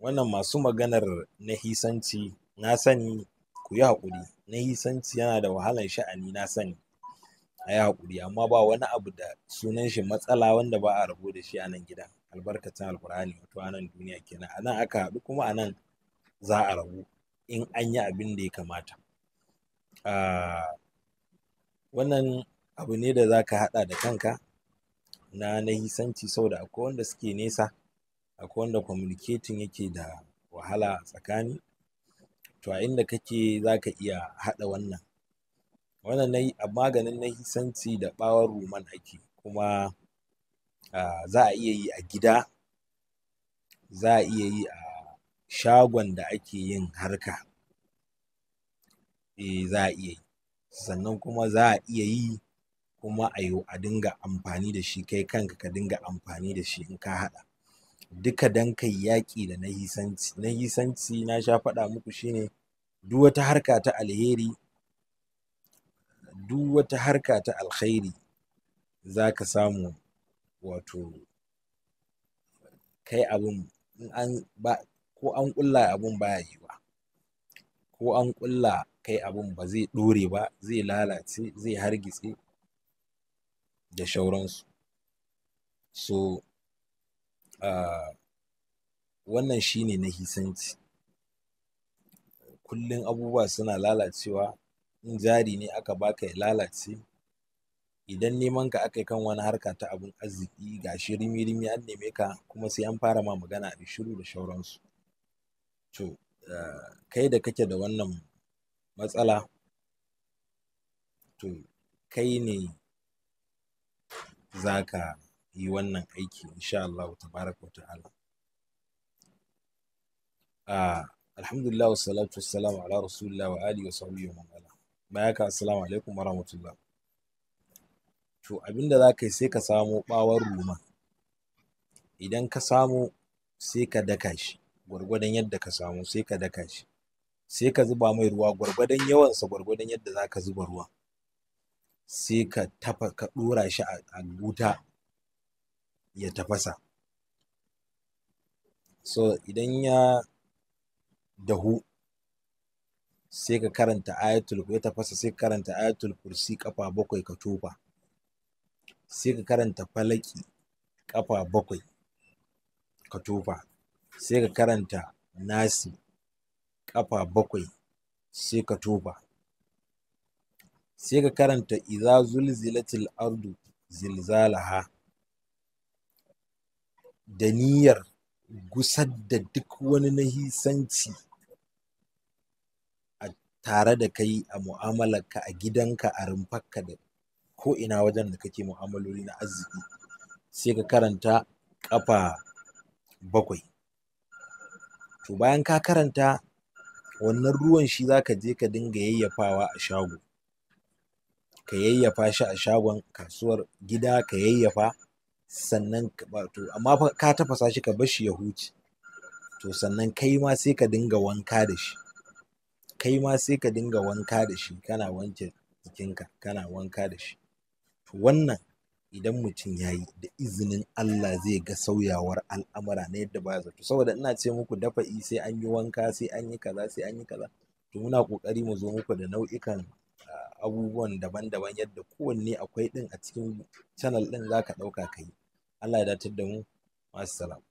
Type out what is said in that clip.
wannan masu maganar na hisanci na sani ku yi haƙuri hisanci yana da wahalar sha'ani na sani a yi haƙuri amma ba wani abu da sunan shi matsala wanda ba a rabu da shi a nan gida, albarkacin alkur'ani wato a nan duniya kenan a nan aka haɗu kuma a nan za a rabu in an yi abin da ya kamata wannan abu ne da za ka haɗa da kanka na nahisanci saboda akwai wanda suke nesa akwai wanda communicating yake da wahala tsakani to a inda kake zaka iya haɗa wannan wannan nayi maganin nahisanci da ɓawon ruman ake kuma za a iya yi a gida za a iya yi a shagon da ake yin harka eh za a iya yi sannan kuma za a iya yi kuma a dinga amfani da shi kai kanka ka dinga amfani da shi in ka haɗa duka dan kai yaƙi da na hisanci. na hisanci na sha faɗa muku shine duk wata harka ta alheri duk wata harka ta alkhairi za ka samu wato kai abin an ba ko an ƙulla abin baya ba, ko an ƙulla kai abun ba zai ɗore ba zai lalace zai hargitse da shauransu so Ah, wannan shi ne na hisanci kullum abubuwa suna lalacewa in jari ne aka baka ya lalace idan neman ka aka yi kan wani harka ta abin arziki ga shi rimi-rimi an neme ka kuma sai an fara ma magana a shiru da shauransu to ah, kai da kake da wannan matsala to kai ne za ka yi wannan aiki insha Allah tabaraka wa ta'ala ah alhamdulillah wassalatu wassalamu ala rasulillah wa alihi wa sahbihi wa man wala bayaka assalamu alaikum wa rahmatullah to abinda za ka yi sai ka samo bawon ruma idan ka samo sai ka daka shi gwargwadon yadda ka samu sai ka daka shi sai ka zuba mai ruwa gwargwadon yawansa gwargwadon yadda za ka zuba ruwa sai ka tafa ka ɗora shi a wuta ya tafasa so idan ya dahu sai ka karanta ayatul ya tafasa sai ka karanta ayatul kursi kafa bakwai ka tofa sai ka karanta falaki kafa bakwai ka tofa sai ka karanta nasi kafa bakwai sai ka tofa sai ka karanta idza zulzilatil ardu zilzalaha da niyyar gusar da duk wani nahisanci a tare da kai a mu'amalarka a gidanka a rumfarka da ko'ina wajen da kake mu'amaloli na arziki sai ka karanta ƙafa bakwai to bayan ka karanta wannan ruwan shi za ka je ka dinga yayyafawa a shago ka yayyafa shi a shagon kasuwar gida ka yayyafa sannan wato amma ka tafasa shi ka bar shi ya huce to sannan kai ma sai ka dinga wanka da shi kai ma sai ka dinga wanka da shi kana wanke jikinka kana wanka da shi to wannan idan mutum ya yi da izinin Allah zai ga sauyawar al'amura na yadda ba zato saboda ina ce muku dafa'i sai an yi wanka sai an yi kaza sai an yi kaza to muna ƙoƙari mu zo muku da nau'ikan abubuwan daban-daban yadda kowanne akwai ɗin a cikin channel ɗin za ka ɗauka ka yi Allah ya datar da mu masu